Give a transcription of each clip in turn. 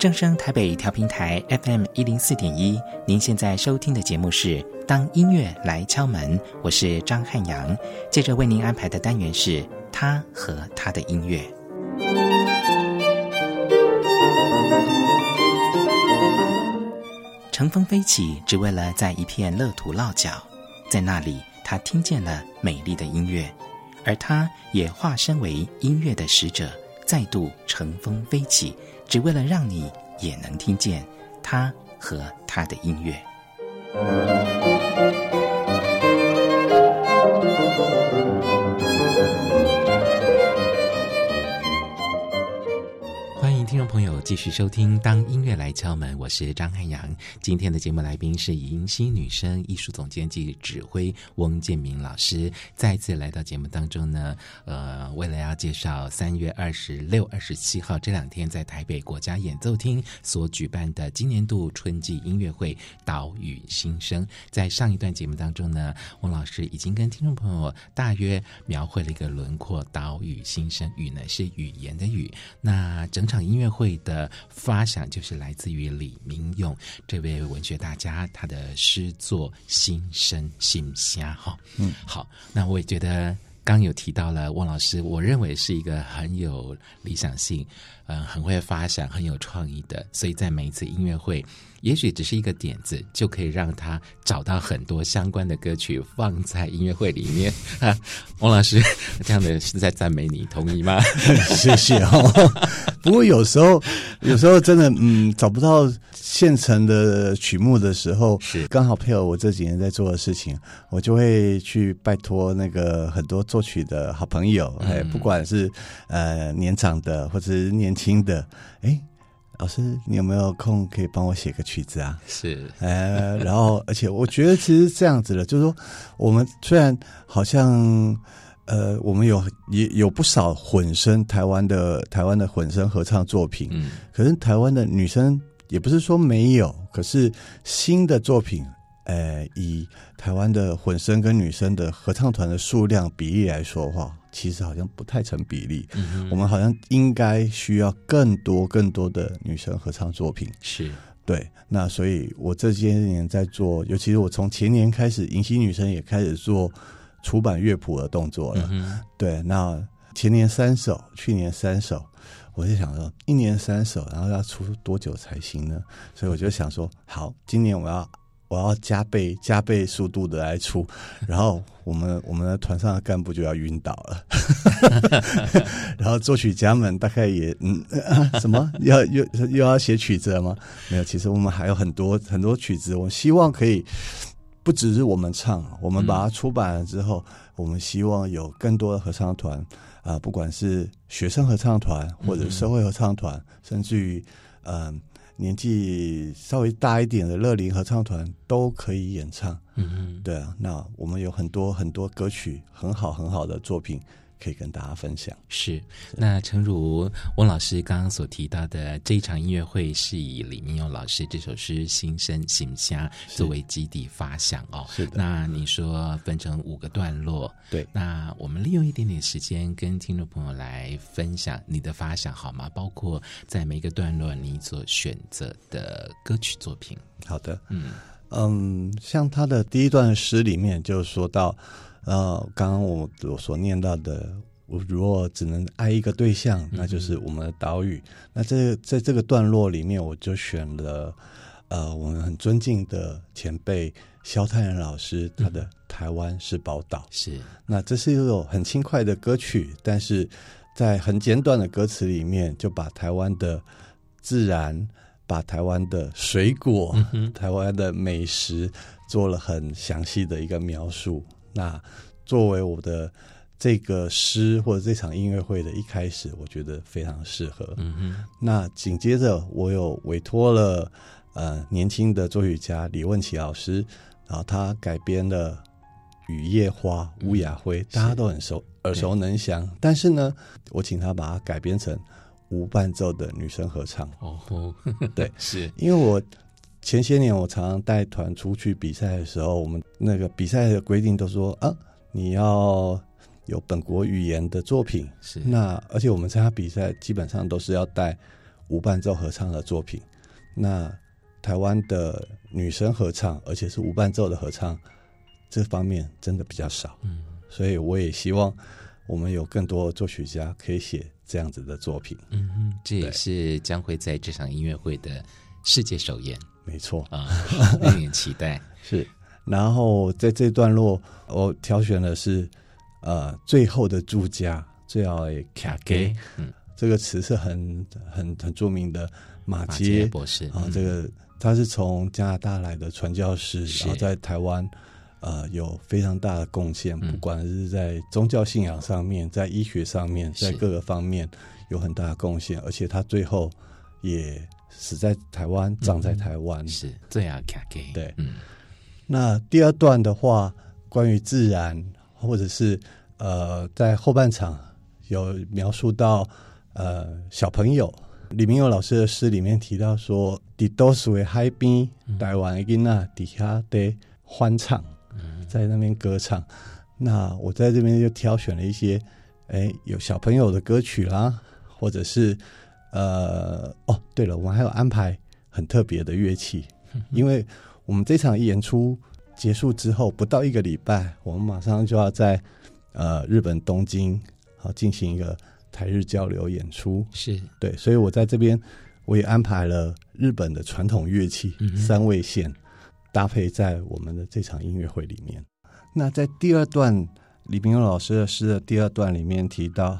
正聲台北調頻台 FM 一零四點一，您現在收聽的節目是《當音樂來敲門》，我是張漢陽。接着為您安排的單元是《他和他的音樂》。乘風飛起，只為了在一片樂土落腳，在那裡，他聽見了美麗的音樂，而他也化身為音樂的使者。再度乘風飛起，只為了讓你也能聽見他和他的音樂。朋友繼續收聽《當音樂來敲門》，我是張漢陽。今天的節目來賓是迎曦女聲藝術總監暨指揮翁建民老師，再次來到節目當中呢。呃，為了要介紹三月二十六、二十七號這兩天在台北國家演奏廳所舉辦的今年度春季音樂會《島語心聲》。在上一段節目當中呢，翁老師已經跟聽眾朋友大約描繪了一個輪廓，《島語心聲》語呢是語言的語，那整場音樂會，你的發想就是來自於李敏勇這位文學大家，他的詩作《心聲心聲》哦。哈。嗯，好，那我也覺得剛，剛有提到了，翁老師，我認為是一個很有理想性，嗯、呃，很會發想，很有創意的，所以在每一次音樂會，也許只是一個點子，就可以讓他找到很多相關的歌曲放在音樂會裡面啊。翁老師這樣的是在讚美你，同意嗎？謝謝 哦。 不過有時候，有時候真的嗯找不到現成的曲目的時候，是剛好配合我這幾年在做的事情，我就會去拜托那個很多作曲的好朋友，哎，不管是呃年長的或者是年輕的，哎，老師你有沒有空可以幫我寫個曲子啊？是，呃，然後而且我覺得其實這樣子的，就是說我們雖然好像。呃，我們有也有不少混聲台灣的台灣的混聲合唱作品，嗯、可是台灣的女生也不是說沒有，可是新的作品，呃，以台灣的混聲跟女生的合唱團的數量比例來說的話，其實好像不太成比例。嗯哼，我們好像應該需要更多更多的女生合唱作品。是，對，那所以我這些年在做，尤其是我從前年開始，迎曦女聲也開始做。出版樂譜的動作了、嗯哼，對，那前年三首，去年三首，我就想說一年三首，然後要出多久才行呢？所以我就想說，好，今年我要我要加倍加倍速度的來出，然後我們我們的團上的幹部就要暈倒了， 然後作曲家們大概也嗯、啊，什麼要又又，又要寫曲子了嗎？沒有，其實我們還有很多很多曲子，我們希望可以。不只是我們唱，我們把它出版了之後，嗯、我們希望有更多的合唱團啊、呃，不管是學生合唱團，或者社會合唱團，嗯、哼甚至於嗯、呃、年紀稍微大一點的樂齡合唱團都可以演唱。嗯嗯哼，對啊，那我們有很多很多歌曲，很好很好的作品。可以跟大家分享是。那誠如翁老師剛剛所提到的，這一場音樂會是以李敏勇老師這首詩《心聲行香》作為基底發想哦。是的。那你說分成五個段落，對。那我們利用一點點時間，跟聽眾朋友來分享你的發想好嗎？包括在每一個段落你所選擇的歌曲作品。好的，嗯嗯，像他的第一段詩裡面就說到。呃，剛剛我我所念到的，我如果只能愛一個對象，那就是我們的島嶼。嗯、哼那這個、在這個段落裡面，我就選了呃，我們很尊敬的前輩蕭泰然老師，他的《台灣是寶島》是。嗯、那這是一首很輕快的歌曲，但是在很簡短的歌詞裡面，就把台灣的自然、把台灣的水果、嗯、哼台灣的美食做了很詳細的一個描述。那作為我的這個詩或者這場音樂會的一開始，我覺得非常適合嗯哼。嗯那緊接着，我有委托了呃年輕的作曲家李問奇老師，然後他改編了《雨夜花》《烏雅灰》嗯，大家都很熟耳熟能詳。嗯、但是呢，我請他把它改編成無伴奏的女生合唱。哦，呵呵對，是因為我。前些年我常常帶團出去比賽的時候，我們那個比賽的規定都說啊，你要有本國語言的作品。是。那而且我們參加比賽基本上都是要帶無伴奏合唱的作品。那台灣的女聲合唱，而且是無伴奏的合唱，這方面真的比較少。嗯，所以我也希望我們有更多作曲家可以寫這樣子的作品。嗯哼，這也是將會在這場音樂會的世界首演。沒錯啊、嗯，令人期待 是。然後在這段落，我挑選的是呃最後的住家，最後的卡給嗯這個詞是很很很著名的馬偕博士啊、呃。這個他是從加拿大來的傳教士，嗯、然後在台灣呃有非常大的貢獻，是不管是在宗教信仰上面，在醫學上面，在各個方面有很大的貢獻，是而且他最後也死在台灣，長在台灣，嗯，是這樣講的。卡對，嗯、那第二段的話，關於自然，或者是呃，在後半場有描述到呃小朋友。李敏勇老師的詩裡面提到說，底都是為海邊，台灣囡那底下得歡唱，嗯、在那邊歌唱。那我在這邊就挑選了一些，哎、欸，有小朋友的歌曲啦，或者是。呃、哦，對了，我們還有安排很特別的樂器，嗯、哼因為我們這場演出結束之後不到一個禮拜，我們馬上就要在呃日本東京啊進行一個台日交流演出，是對，所以我在這邊我也安排了日本的傳統樂器、嗯、哼三味線搭配在我們的這場音樂會裡面。那在第二段李敏勇老師的詩的第二段裡面提到，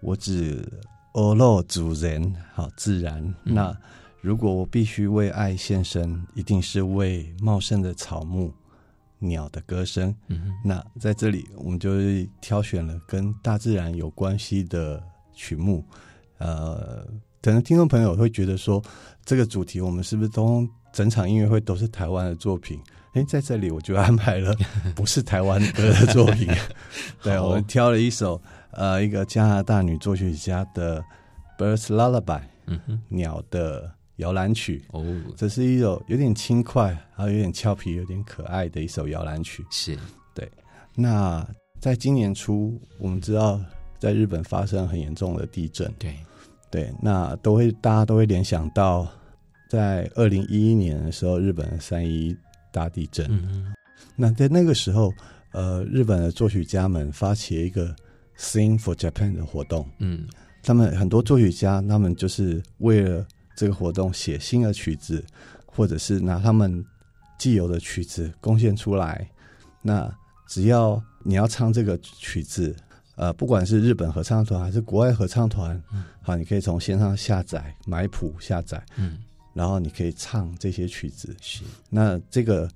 我只。我若主人，好自然。自然嗯、那如果我必須為愛獻身，一定是為茂盛的草木、鳥的歌聲。嗯、哼那在這裡，我們就挑選了跟大自然有關係的曲目。呃，可能聽眾朋友會覺得說，這個主題我們是不是都整場音樂會都是台灣的作品？哎、欸，在這裡我就安排了不是台灣歌的作品。 對，我們挑了一首。呃，一個加拿大女作曲家的《Birds Lullaby》，嗯哼，鳥的搖籃曲。哦，這是一首有點輕快，然後有點俏皮，有點可愛的一首搖籃曲。是，對。那在今年初，我們知道在日本發生很嚴重的地震。對，對。那都會大家都會聯想到，在二零一一年的時候，日本的三一大地震。嗯嗯。那在那個時候，呃，日本的作曲家們發起了一個 Sing for Japan 的活動，嗯，他們很多作曲家，他們就是為了這個活動寫新的曲子，或者是拿他們既有的曲子貢獻出來。那只要你要唱這個曲子，呃，不管是日本合唱團還是國外合唱團，嗯，好，你可以從線上下載，買譜下載，嗯，然後你可以唱這些曲子。是那這個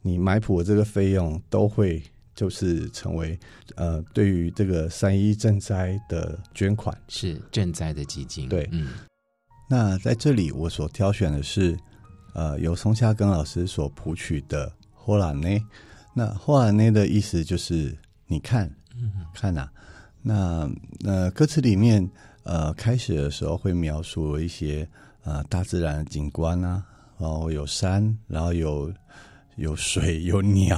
你買譜的這個費用都會。就是成為呃，對於這個三一賑災的捐款，是賑災的基金對。嗯，那在這裡我所挑選的是呃，由松下根老師所譜曲的《霍蘭內》。那霍蘭內的意思就是你看，嗯哼，看吶、啊。那那歌詞裡面呃，開始的時候會描述一些呃，大自然的景觀啊，然後有山，然後有。有水有鳥，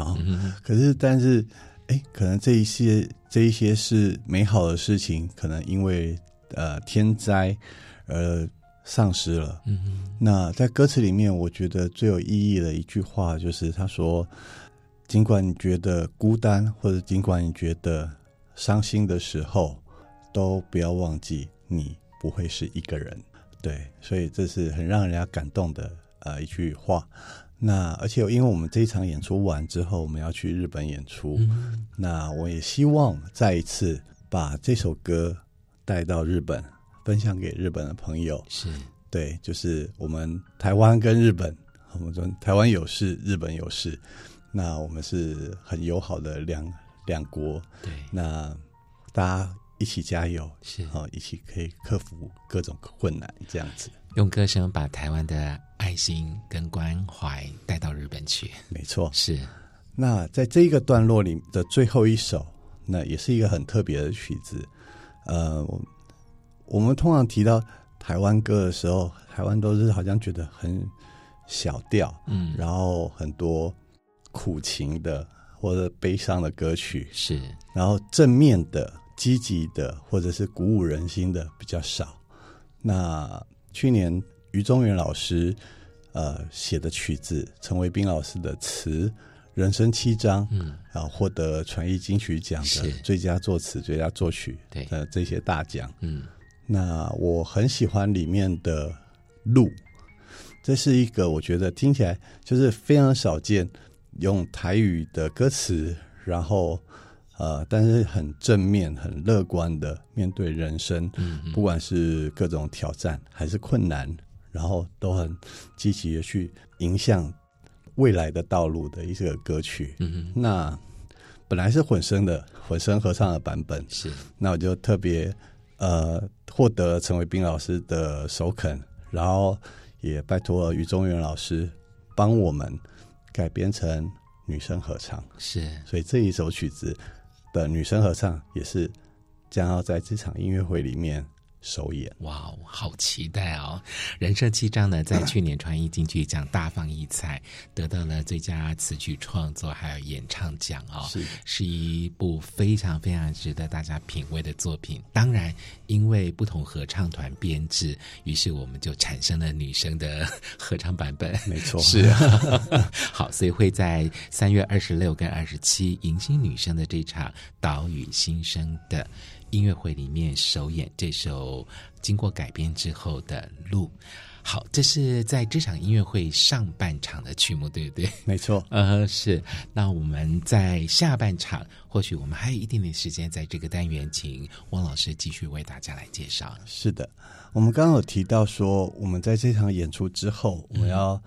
可是但是，哎、欸，可能這一些這一些是美好的事情，可能因為呃天災而喪失了。嗯哼。那在歌詞裡面，我覺得最有意義的一句話就是他說：“盡管你覺得孤單，或者盡管你覺得傷心的時候，都不要忘記你不會是一個人。”對，所以這是很讓人家感動的呃一句話。那而且因為我們這一場演出完之後，我們要去日本演出，嗯。那我也希望再一次把這首歌帶到日本，分享給日本的朋友。是，對，就是我們台灣跟日本，我們說台灣有事，日本有事，那我們是很友好的兩兩國。對，那大家。一起加油，是哦，一起可以克服各種困難，這樣子。用歌聲把台灣的愛心跟關懷帶到日本去。沒錯，是。那在這一個段落裡的最後一首，那也是一個很特別的曲子。呃我，我們通常提到台灣歌的時候，台灣都是好像覺得很小調，嗯，然後很多苦情的或者悲傷的歌曲，是，然後正面的。積極的或者是鼓舞人心的比較少。那去年於中元老師呃，寫的曲子，陳為斌老師的詞《人生七章》，嗯，然後獲得傳藝金曲獎的最佳作詞、是最佳作曲，的對、呃、這些大獎。嗯，那我很喜歡裡面的路，這是一個我覺得聽起來就是非常少見用台語的歌詞，然後。呃，但是很正面、很樂觀的面對人生，嗯、哼不管是各種挑戰還是困難，然後都很積極的去迎向未來的道路的一些歌曲。嗯嗯哼。那本來是混聲的，混聲合唱的版本是。那我就特別呃獲得陳偉斌老師的首肯，然後也拜託於中原老師幫我們改編成女生合唱。是。所以這一首曲子。的女聲合唱也是，將要在這場音樂會裡面。首演哇哦，wow, 好期待哦！《人生七章》呢，在去年傳藝金曲獎大放異彩，呃、得到了最佳詞曲創作還有演唱獎哦，是是一部非常非常值得大家品味的作品。當然，因為不同合唱團編制，於是我們就產生了女聲的合唱版本，沒錯，是、啊、 好，所以會在三月二十六跟二十七迎曦女聲的這場島語心聲的音樂會裡面首演這首。經過改編之後的路，好，這是在這場音樂會上半場的曲目，對不對？沒錯，呃、嗯，是。那我們在下半場，或許我們還有一點點時間，在這個單元，請翁老師繼續為大家來介紹。是的，我們剛剛有提到說，我們在這場演出之後，我們要。嗯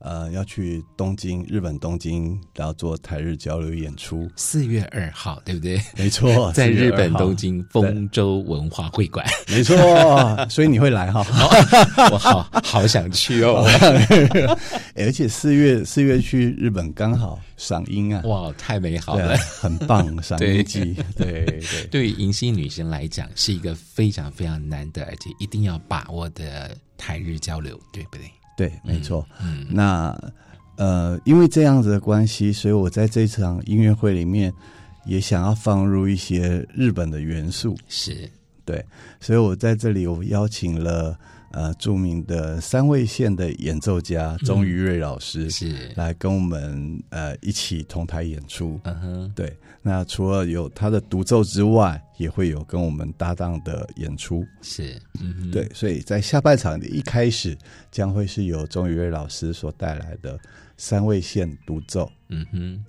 呃，要去東京，日本東京，然後做台日交流演出，四月二號，對不對？沒錯，在日本東京豐洲文化會館，對沒錯。所以你會來哈、 哦？我好好想去哦。而且四月四月去日本剛好賞櫻啊！哇，太美好了，啊、很棒，賞櫻季。對對，對，對，對，對於迎曦女聲來講，是一個非常非常難得，而且一定要把握的台日交流，對不對？對，沒錯。嗯嗯、那呃，因為這樣子的關係，所以我在這場音樂會裡面也想要放入一些日本的元素。是，對，所以我在這裡我邀請了。呃，著名的三味線的演奏家鍾於瑞老師、嗯、是來跟我們呃一起同台演出，嗯哼、uh，huh、對。那除了有他的獨奏之外，也會有跟我們搭檔的演出，是，嗯、對。所以在下半場的一開始，將會是由鍾於瑞老師所帶來的三味線獨奏，嗯哼。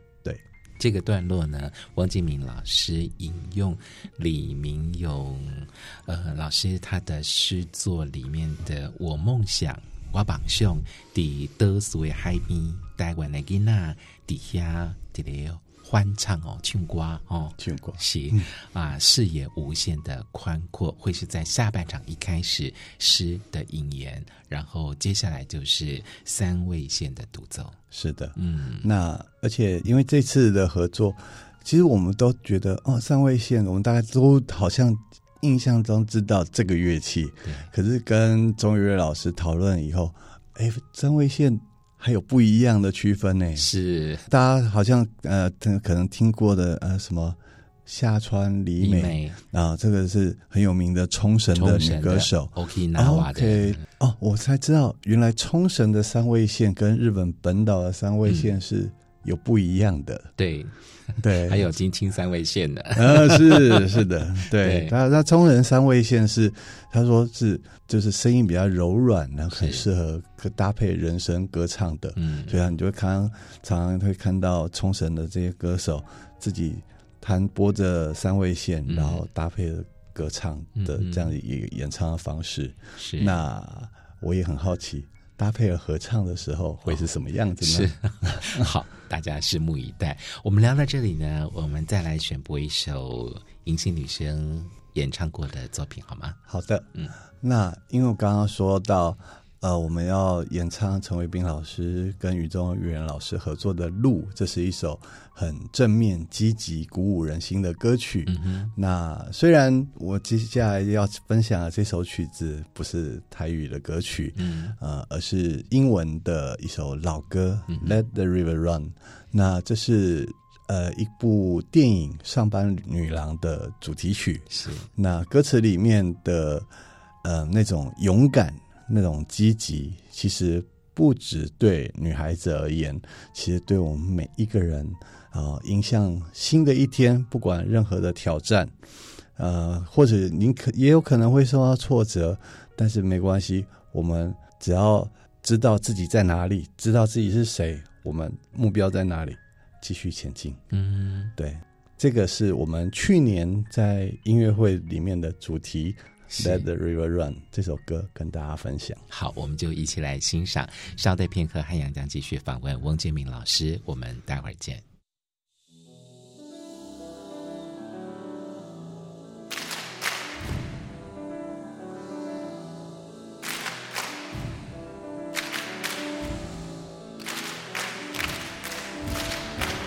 這個段落呢，翁建民老師引用李敏勇呃老師他的詩作裡面的“我夢想，我榜夢在德的在多水海邊，台灣的囡仔底下，這裡。”歡唱哦，慶瓜哦，慶瓜歌。是、嗯、啊，視野無限的寬闊，會是在下半場一開始詩的引言，然後接下來就是三味線的獨奏。是的，嗯，那而且因為這次的合作，其實我們都覺得哦，三味線，我們大家都好像印象中知道這個樂器，對可是跟鍾於瑞老師討論以後，哎，三味線。還有不一樣的區分呢，是大家好像呃，可能聽過的呃，什麼夏川里美、李美啊，這個是很有名的沖繩的女歌手。啊、沖縄的、OK、嗯哦，我才知道，原來沖繩的三味線跟日本本島的三味線是有不一樣的。嗯、對。對，還有津輕三味線的。啊、嗯，是是的，對，對他他沖繩三味線是，他說是就是聲音比較柔軟，然後很適合可搭配人聲歌唱的，嗯是，對啊，你就會看常常會看到沖繩的這些歌手自己彈撥着三味線，然後搭配歌唱的這樣一個演唱的方式，是，那我也很好奇，搭配了合唱的時候會是什麼樣子呢？是好，大家拭目以待。 我們聊到這裡呢，我們再來選播一首迎曦女聲演唱過的作品，好嗎？好的，嗯，那因為我剛剛說到。呃，我們要演唱陳偉斌老師跟雨中育人老師合作的《路》，這是一首很正面、積極、鼓舞人心的歌曲。嗯、哼那雖然我接下來要分享的這首曲子不是台語的歌曲，嗯、呃，而是英文的一首老歌《Let the River Run》。嗯、哼那這是呃一部電影《上班女郎》的主題曲。是。那歌詞裡面的呃那種勇敢。那種積極，其實不止對女孩子而言，其實對我們每一個人，啊、呃，迎向新的一天，不管任何的挑戰，呃，或者您可也有可能會受到挫折，但是沒關係，我們只要知道自己在哪裡，知道自己是誰，我們目標在哪裡，繼續前進。嗯哼，對，這個是我們去年在音樂會裡面的主題。Let the river run 是這首歌跟大家分享。好，我們就一起來欣賞。稍待片刻，漢陽將繼續訪問翁建民老師。我們待會兒見。